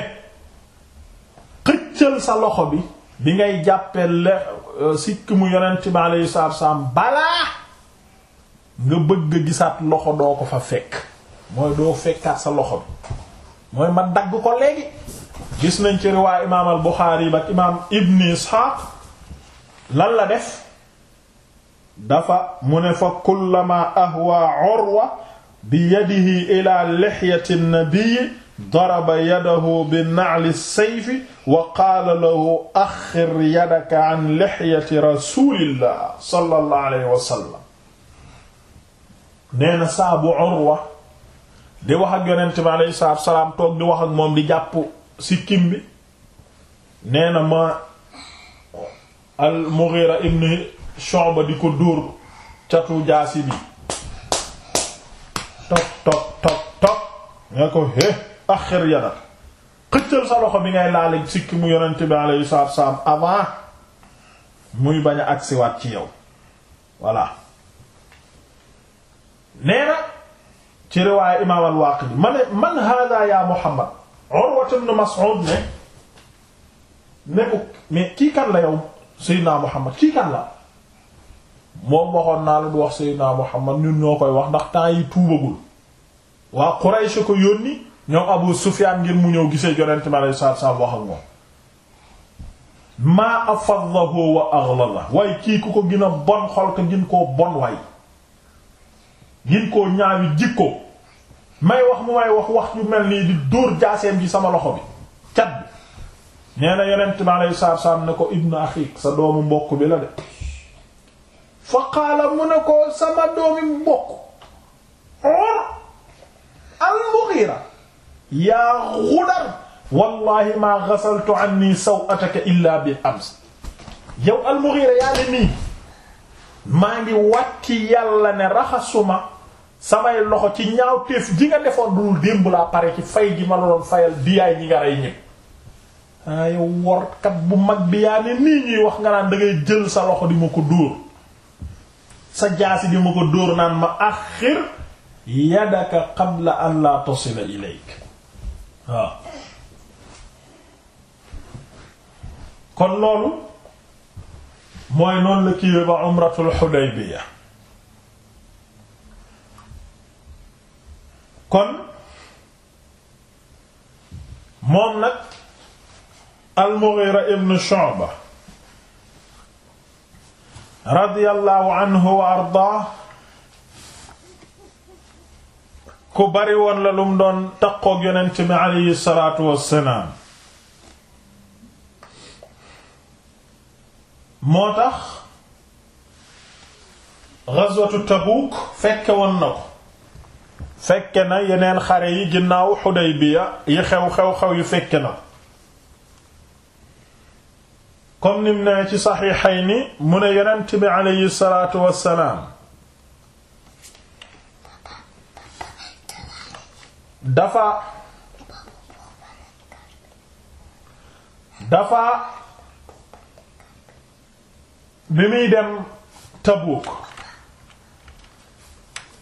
Speaker 1: xëccal sa loxo bi bi ngay jàppee le euh, sikki mu yonent bi alayhi salaatu wa balaa nga bëgg a gisaat loxo doo ko fa fekk mooy doo fekkaat sa loxo bi mooy ma dagg ko léegi gis nañ ci riwaay imaam al Buxaari ba imaam Ibn Isxaaq lan la def dafa mu ne fa kullama ahwa urwa bi yadihi ila lihyati an-nabi daraba yadahu bi na'li sayfi wa qaala lahu axir yadaka an lihyati rasulillah sallallahu alayhi nee na saabu Urwa di wax ak yonent bi alayhi salaam toog di wax ak moom di jàpp sikkim bi nee na ma al Mughira ibn Shu'ba di ko dóor catu jaasi bi tok tok tok tok nga ko hé axir yadak sa loxo bi ngay laale sikki mu yonent bi alayhi salaatu salaam avant muy bañ a agsiwaat ci yow voilà nee na ci riwaaya imaam al-Waaqidi ma ne man haadaa Muhammad Urwa ibn Mas'ud ne ne ko kii kan la yow Seydina Muhammad kii kan la moom waxoon naa la du wax Seydina Muhammad ñun ñoo koy wax ndax temps yi tuubagul waa Quraysh ko yónni ñoom Abu Sufyaan ngir mu ñëw gisee Yonent mi alayhi salaatu wax ak moom maa afaddahu wa aghlala waaye kii ku ko gën bon xol ko gën koo bon waay gin koo ñaawi jikko may wax mu may wax wax yu mel nii di dóor jaaseem ji sama loxo bi cat bi nee na yonent bi aleyhi salaatu salaam ko ibnu axiik sa doomu mbokk bi la de fa qaala mu ne ko sama doomi mbokk or umm al yaa xudar wallahi maa ngi wàcc yàlla ne raxasuma samay loxo ci ñaaw ji nga defoon dul démb laa pare ci fay ji ma la doon fayal diyaay ñi nga rey ñëpp ah, workat bu mag bi yaa ne nii ñuy wax nga naan da jël sa loxo di ma ko dóor sa jaasi di ma ko dóor naan ma axir yadaka qabla an la tosila ilayk waaw ah. kon loolu mooy noonu la kiiwe ba umratul Hudaybiya kon moom nag al-Mughira ibn Shu'ba radiyallahu anhu wa ardaa ku bari woon la lum doon taqoog yonent bi alayhi salaatu wassalaam moo tax ghazwatu Tabuuk fekke woon na ko fekke na yeneen xare yi ginnaaw Xudaybiya yi xew xew-xew yu fekke na comme nim ne ci saxiixayni mu ne yonent bi aleyhi salaatu wassalaam dafa dafa bi muy dem Tabuuk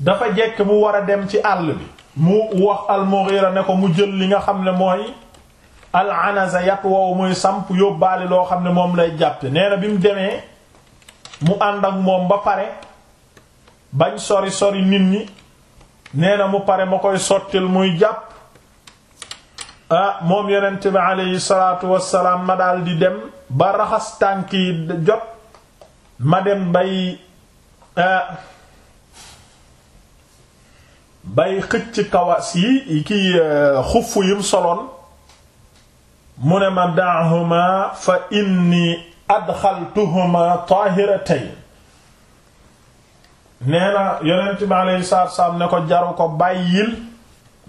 Speaker 1: dafa jekk mu war a dem ci àll bi mu wax al ne ko mu jël li nga xam ne mooy al-anaza wow muy samp yóbbaale loo xam ne moom lay jàppe nee bi mu demee mu àndak ak moom ba pare bañ sori sori nit ñi nee mu pare ma koy sottil muy jàpp ah moom yonent bi aleyhi salaatu wassalaam ma daal di dem ba raxas tànk jot ma dem bay ah, bay xëcc kawas yi ki euh, xuff yim soloon mu ne ma daahuma fa inni adxaltuhuma taahiratayn nee na yonent bi alayhi salaatu ne ko jaru ko bàyyil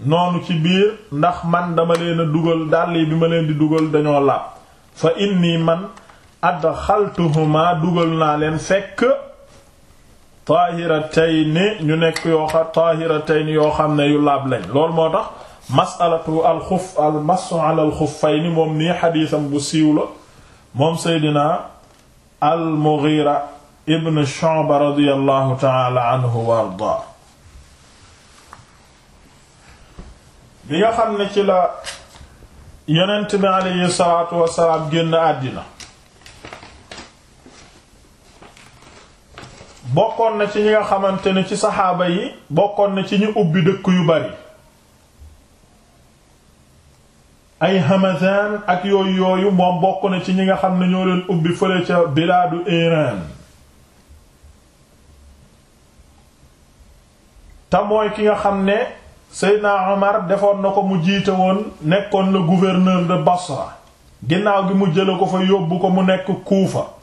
Speaker 1: noonu ci biir ndax man dama leen a dugal dàll yi bi ma leen di dugal dañoo làpp fa inni man adxaltuhuma dugal naa leen fekk taahiratayni ñu nekk yoo xam taahiratayni yoo xam ne yu laab lañ loolu moo tax masalatu alxuf almasu ala alxuffayni moom nii xadiisam bu siiw la moom seydina almughira ibn shu'ba radiyallahu taala anhu wa ardaa bi nga xam ne ci la yonent bi aleyhi salaatu wasalaam génn àddina bokkoon na ci ñi nga xamante ne ci saxaaba yi bokkoon na ci ñu ubbi dëkk yu bari ay Hamadan ak yooyu yooyu moom bokk na ci ñi nga xam ne ñoo leen ubbi fële ca bilaadu Iran te mooy ki nga xam ne Seydina Omar defoon na ko mu jiite woon nekkoon na gouverneur de Basra ginnaaw gi mu jële ko fa yóbbu ko mu nekk Kuufa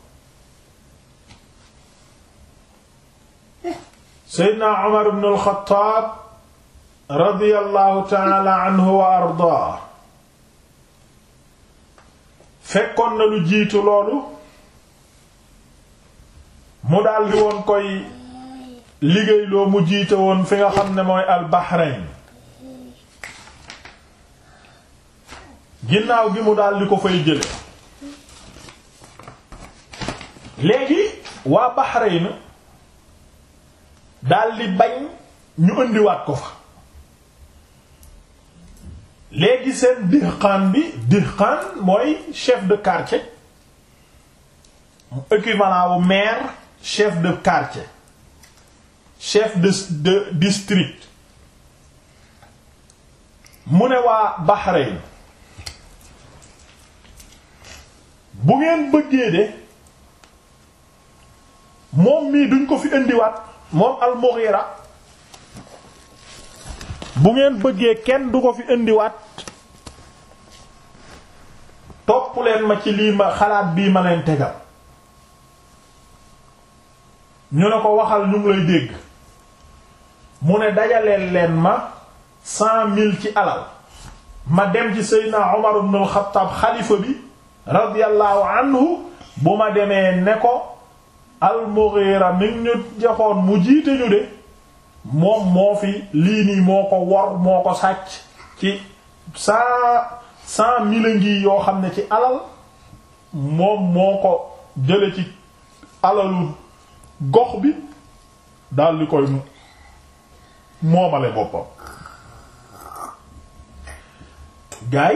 Speaker 1: seydna Umar ibn al-Khattab radiyallahu anhu wa ardaa fekkoon na lu jiitu loolu mu daldi woon koy liggéeyloo mu jiite woon fi nga xam ne mooy al-Bahrain ginnaaw gi mu daldi ko fay jële léegi waa Bahrain daldi bañ ñu indiwaat ko fa léegi seen dihqaan bi dihqaan mooy chef de quartier équivalent wu maire chef de quartier chef de de district mu ne waa Bahreïn bu ngeen bëggee de moom mii duñ ko fi indiwaat moom al bu ngeen bëggee kenn du ko fi indiwaat topp ma ci lii ma xalaat bii ma leen tegal ñu ne ko waxal ñu lay dégg mu ne dajaleel leen ma cent mil ci alal ma dem ci Seydina Umar ibn xalifa bi radiyallahu anhu bu ma demee ne ko al-Mughira mi ñu joxoon mu jiite ñu de moom moo fi lii nii moo ko wor moo ko sàcc ci cent cent mille ngi yoo xam ne ci alal moom moo ko jële ci alalu gox bi daal di koy moomale boppam gaa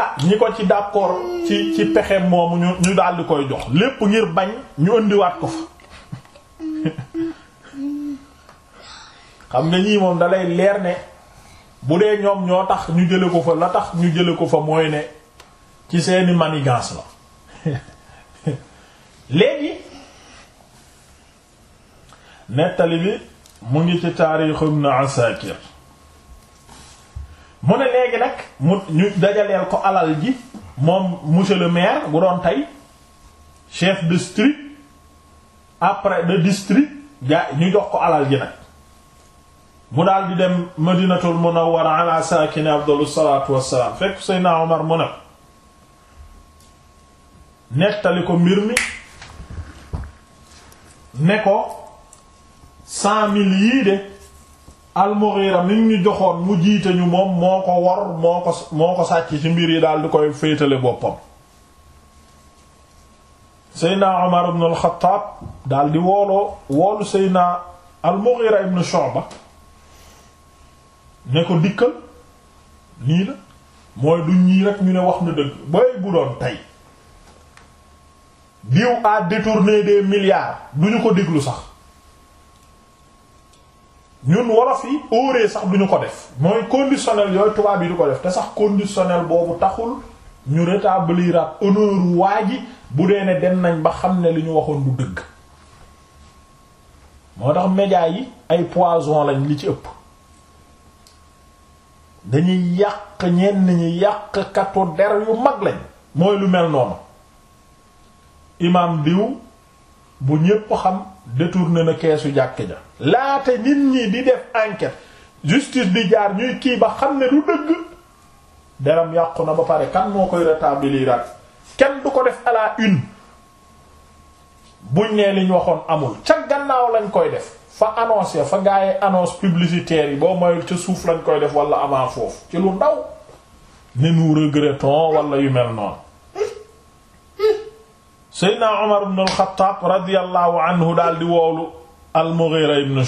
Speaker 1: ah ñi ko ci d'accord ci ci pexe moomu ñu ñu daal di koy jox lépp ngir bañ ñu indiwaat ko fa xam nga ñii moom dalay leer ne bu dee ñoom ñoo tax ñu jële ko fa la tax ñu jële ko fa mooy ne ci seeni manigance la *laughs* léegi nettali bi mu ngi ci na Ibn Asakir mu ne léegi nag mu ñu dajaleel ko alal ji moom monsieur le maire bu doon tey chef de district après de district ja ñu jox ko alal ji nag mu daal di dem madinatul munawwara ala saakini afdalu salaatu wassalaam fekk Seydina Omar mu ne nettali ko mbir mi ne ko cent mille yii de al-Mughira mi ñu joxoon mu jiite ñu moom moo ko wor moo ko moo ko sàcc ci mbir yi daal di koy féetale boppam Seydina Omar ibn al-Khattab daal di wooloo woolu Seydina al-Mughira ibn Shu'ba ne ko dikkal nii la mooy du ñii rek ñu ne wax na dëgg bay bu doon tey diw a détourné des milliards duñu ko déglu sax ñun wolof yi óoree sax duñu ko def mooy conditionnel yooyu tubaab yi du ko def te sax conditionnel boobu taxul ñu rétablir ak honneur waa ji bu dee ne dem nañ ba xam ne li ñu waxoon du dëgg moo tax médias yi ay poison lañ li ci ëpp dañuy yàq ñenn ñi yàq katu der yu mag lañ mooy lu mel noonu imam diw bu ñépp xam détourné na keesu jàkk ja laata nit ñi di def enquête justice bi jaar ñuy kii ba xam ne du dëgg deram yàqu na ba pare kan moo koy rétablir ak kenn du ko def à la une buñ nee liñ waxoon amul ca gannaaw lañ koy def fa annonce ya fa gaayee annonce publicitaire boo mayul ca suuf lañ koy def wala avant foofu ci lu ndaw ne nous regrettons wala yu mel noonu Seydina Omar ibn al-Khattab anhu daal di woolu al-Mughira ibn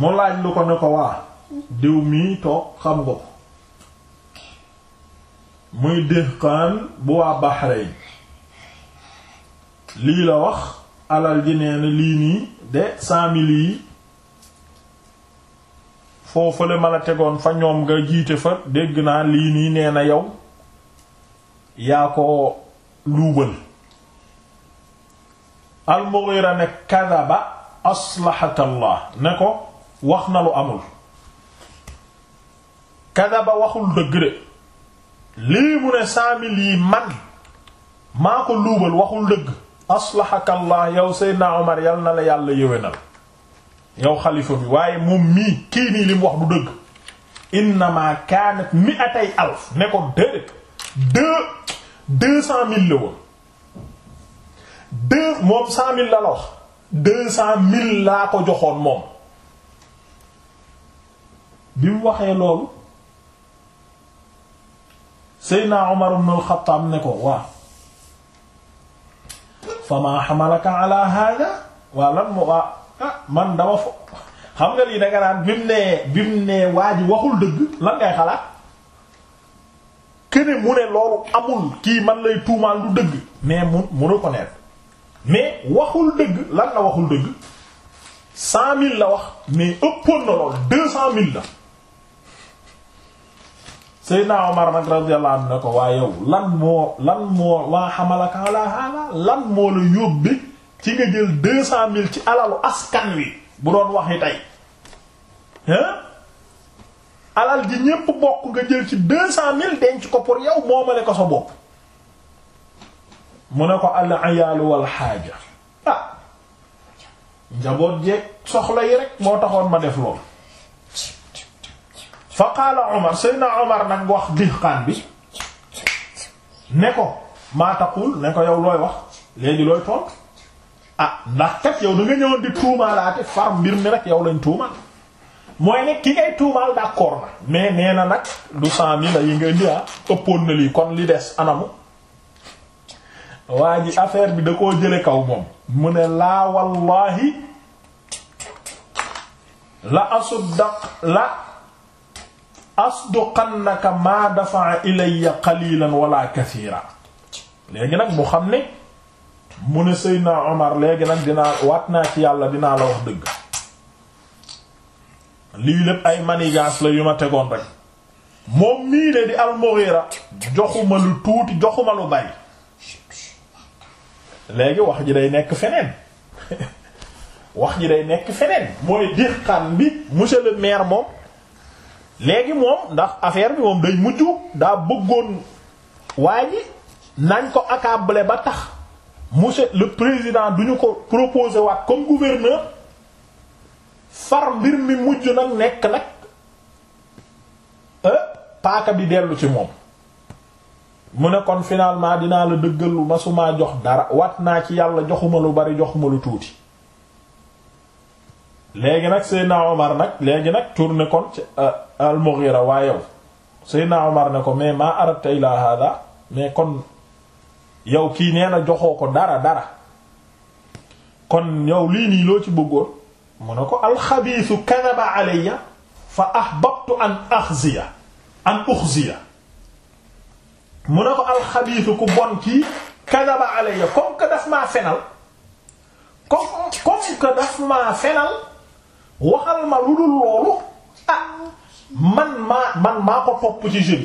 Speaker 1: mu laaj lu ko ne ko waa diw mii toog xam nga ko muy dehqaan bu waa Bahrayn lii la wax alal ji nee na lii nii de cent mille yi foofale ma la tegoon fa ñoom nga jiite fa dégg naa lii nii nee yow yaa ko luubal al-Mughira ne kadaba aslahakallah ne ko wax na lu amul kadaba waxul dëgg de lii mu ne cent mille yi man maa ko luubal waxul dëgg aslahakallah yow Seydina Omar yal na la yàlla yéwénal yow xalifa bi waaye moom mii kii nii li mu wax du dëgg innama kaanat mi'atay alf ne ko déedéet deux deux cent mille la woon deux moom cent mille la la wax deux cent mille laa ko joxoon moom bi mu waxee loolu Seydina Umar ibn al ne ko waaw fama hamalaka ala hada waa lan moo waa ah man dama fo xam nga lii danga naan bi mu nee bi mu nee waa ji waxul dëgg lan ngay xalaat kene mu ne loolu amul kii man lay tuumaal du dëgg mais mu mu reconnaître mais waxul dëgg lan la waxul dëgg cent mille la wax mais ëppoon na lool deux cent mille la Seydina Omar nag radiyallahu anhu ne ko waaye yow lan moo lan moo waa xamalaka ala haala lan moo la yóbbe ci nga jël deux cent mille ci alalu askan wi bu doon waxi tey hein alal ji ñépp bokk nga jël ci deux cent mille denc ko pour yow moomale ko sa bopp mu ne ko al ayaalu wal xaaja ah njaboot jeeg soxla yi rek moo taxoon ma def lool fa qaala Omar Seydina Omar nag wax dihqaan bi ne ko maa taqul ne ko yow looy wax léegi looy toll ah ndax kat yow da nga ñëwoon di tuumaalaate far mbir mi rek yow lañ tuumaal mooy ne ki ngay tuumaal d'accord na mais nee na nag du cent mille yi nga indi ah ëppoon na lii kon li des anamu waa ji affaire bi da koo jële kaw moom mu ne laa wallaahi la asuddaq la asduqannaka maa dafa'a ilayya qalilan wala kathira léegi nag mu xam ne mu ne Seydina Omar léegi nag dinaa waat naa ci yàlla dinaa la wax dëgg lii lépp ay manigas la yu ma tegoon rek moom mii ne di al joxuma lu tuuti joxuma lu bari léegi wax ji day nekk feneen wax ji day nekk feneen mooy dixxaan bi monsieur le maire moom léegi moom ndax affaire bi moom day mujj daa bëggoon waa ji nañ ko accabler ba tax monsieur le président duñu ko proposer waat comme gouverneur far mbir mi mujj nag nekk nag euh, paaka bi dellu ci moom mu ne kon finalement dinaa la dëggal masumaa jox dara wat naa ci yàlla joxuma lu bari joxuma lu tuuti léegi nag Seydina Omar nag léegi nag tuur ne kon ci euh, al-Mughira waa yow Seydina Omar ne ko mais ma arabta ilaa hada mais kon yow kii nee na joxoo ko dara dara kon yow lii nii loo ci bëggoon mu ne ko alxabiisu kadaba alayya fa ahbabtu an axziya an uxziya mu ne ko alxabiisu ku bon ci kadaba alayya comme que daf maa fenal comme comme que daf maa fenal waxal ma lu dul loolu ah man maa man maa ko topp ci jeu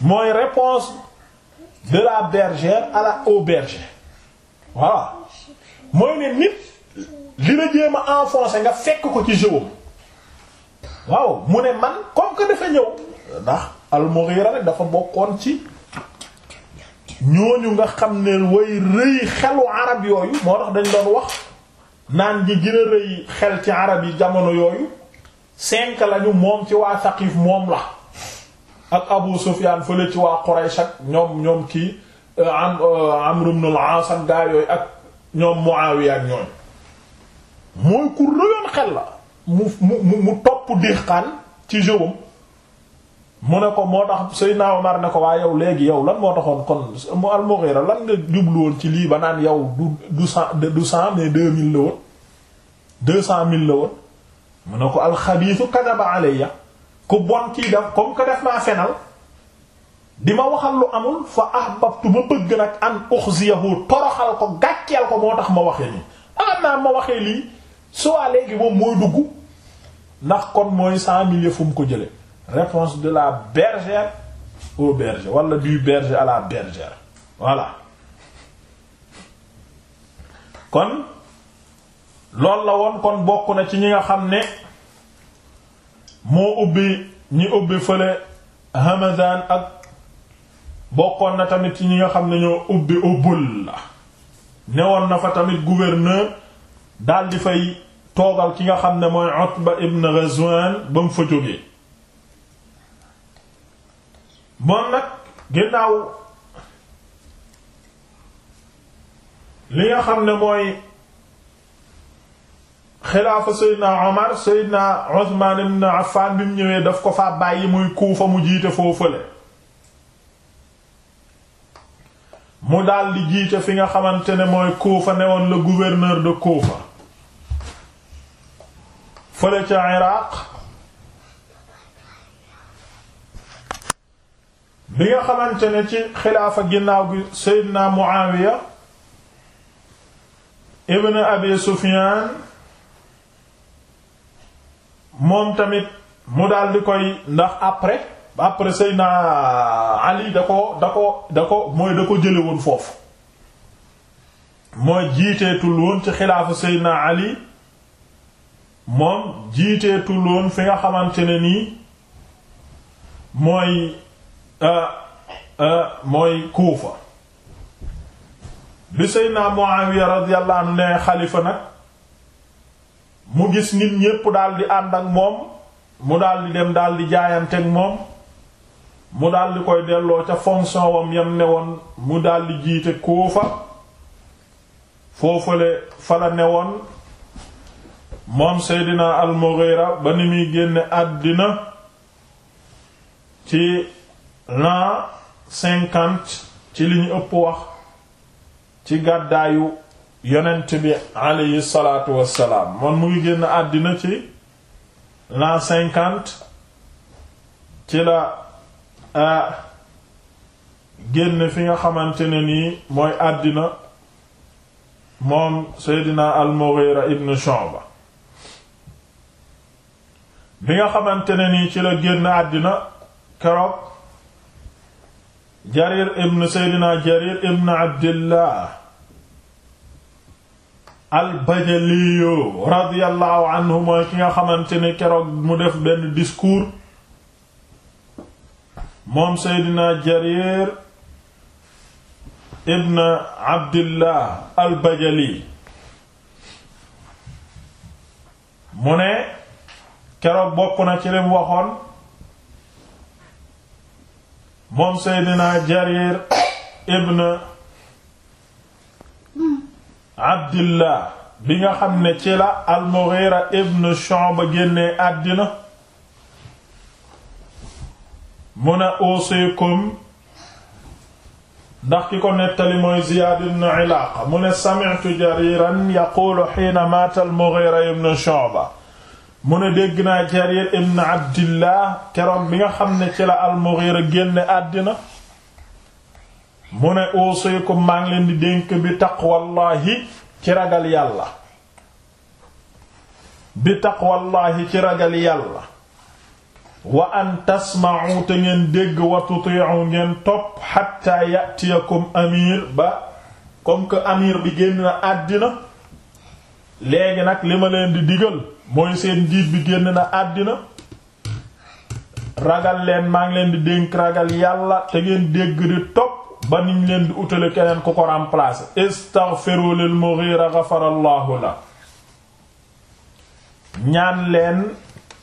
Speaker 1: mooy réponse de la bergère à la au berger voilà mooy ne nit li la jéem a enfoncé nga fekk ko ci jeu waaw mu ne man comme que dafa ñëw ndax al-Mughira rek dafa bokkoon ci ñooñu nga xam ne way rëy xelu arab yooyu moo tax dañ doon wax naan gi gën a rëy xel ci arab yi jamono yooyu cinq lañu moom ci waa Saqif moom la ak Abu Sufyan fële ci waa Quraysh ak ñoom ñoom kii euh, am euh, Amr ibn al gaa yooyu ak ñoom Muawiya ak ñooñ mooy ku rëyoon xel la mu mu mu topp dixaan ci jëwam mu ne ko moo tax Seydina Omar ne ko waaye yow léegi yow lan moo taxoon kon mu al-Mughira lan nga jublu woon ci lii ba naan yow du du cent du cent mais deux mille la woon deux cent mille la woon mu ne ko alxabiisu kadaba alayya ku bon kii def comme que def naa fenal di ma waxal lu amul fa ahbabtu ma bëgg nag an uxziyahu toroxal ko gàcceel ko moo tax ma waxee nii am naa ma waxee lii soo léegi moom mooy dugg ndax kon mooy cent mille ko jële réponse de la bergère au berger wala du berger à la bergère voilà kon loolu la woon kon bokk na ci ñi nga xam ne moo ubbi ñi ubbi fële Hamadan ak bokkoon na tamit ci ñi nga xam ne ñoo ubbi Ubul la newoon na fa tamit gouverneur daal di fay toogal ki nga xam ne mooy Utba ibn Ghazwan ba mu fa jógee moom nag ginnaaw li nga xam ne mooy xilaafa Seydina Omar Seydina Othman ibn Affan ñëwee daf ko faa bàyyi muy Kuufa mu jiite foofale mu daldi jiite fi nga xamante ne mooy Kuufa newoon le gouverneur de Kuufa fële ca Iraq bi nga xamante ne ci xilaafa ginnaaw gi Seydina Muawiya ibn Abi Sufyaan moom tamit mu daal di koy ndax après après Seydina Ali da ko da ko da ko mooy da ko jële woon foofu mooy jiiteetul woon ci xilaafa Seydina Ali moom jiiteetul woon fi nga xamante ne nii mooy Euh, euh, mooy Kuufa bi Seydina Muawiya radiyallahu anhu ne xalifa nag mu gis nit ñépp daldi ànd ak moom mu daldi dem daldi jaayanteeg moom mu daldi koy delloo ca fonction wam yam ne woon mu daldi jiite Kuufa foofale fa la ne woon moom Seydina al-Mughira ba ni muy génne àddina ci l'an cinquante ci li ñu ëpp wax ci gàddaayu yonent bi aleyhi salaatu wassalaam moom mu ngi génn àddina ci l'an cinquante ci la euh, génn fi nga xamante ne nii mooy àddina moom Seydina al-Mughira ibn Shu'ba bi nga xamante ne nii ci la génn àddina keroog jarir ibn seydina jarir ibn abdillah albajaliyu radiallahu anhu ki nga xamante ni keroog mu def benn discours moom seydina jarir ibn abdillah albajali mu ne keroog bokk na ci lim waxoon moom seydina jarir ibn abdillah bi nga xam ne ci la al-Mughira ibn Shu'ba génnee àddina mun a usikum ndax ki ko nettali mooy Ziyaad ibn Ilaaqa mu ne sami'tu jariran yaquulu hiina maata al-Mughira ibn Shu'ba mu ne dégg naa Jarir ibn Abdillah keroog bi nga xam ne ci la al-Mughira génne àddina mu ne uusikum maa ngi leen di dénk bi taqwallahi ci ragal yàlla bi taqwallahi ci ragal yàlla wa an tasma'u te ngeen dégg wa tuti'u ngeen topp hatta ya'tiyakum amir ba comme que amir bi génn na àddina léegi nag li ma leen di digal mooy seen njiit bi génn na àddina ragal leen maa ngi leen di dénk ragal yàlla te ngeen dégg di topp ba niñ leen di utale keneen ku ko remplacer istaghfiru lil Mughira ghafarallahu la ñaan leen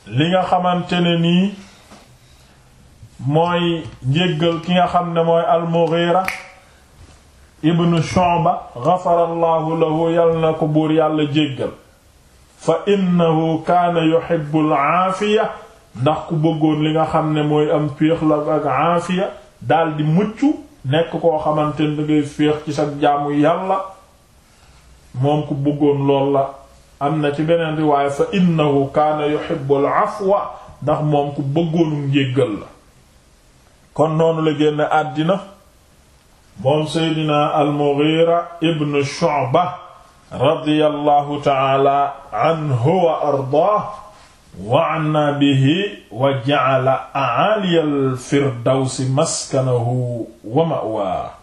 Speaker 1: li nga xamante ne nii mooy njéggal ki nga xam ne mooy al Mughira ibnu Shu'ba ghafarallahu lahu yàlla na ko buur yàlla jéggal fa innahu kaana yuhibbu al-aafiya ndax ku bëggoon li nga xam ne mooy am féex la ak aafiya daal di mucc nekk koo xamante ne dangay féex ci sa jaamu yàlla moom ku bëggoon lool la am na ci beneen riwaaya fa innahu kaana yuhibbu al-afwa ndax moom ku bëggoonum njéggal la kon noonu la génn àddina moom Seydina al-Mughira ibn Shu'ba radiyallahu taala anhu wa ardaah wa anna bihi wa ja'ala a'ali al-firdawsi maskanahu wa ma'waahu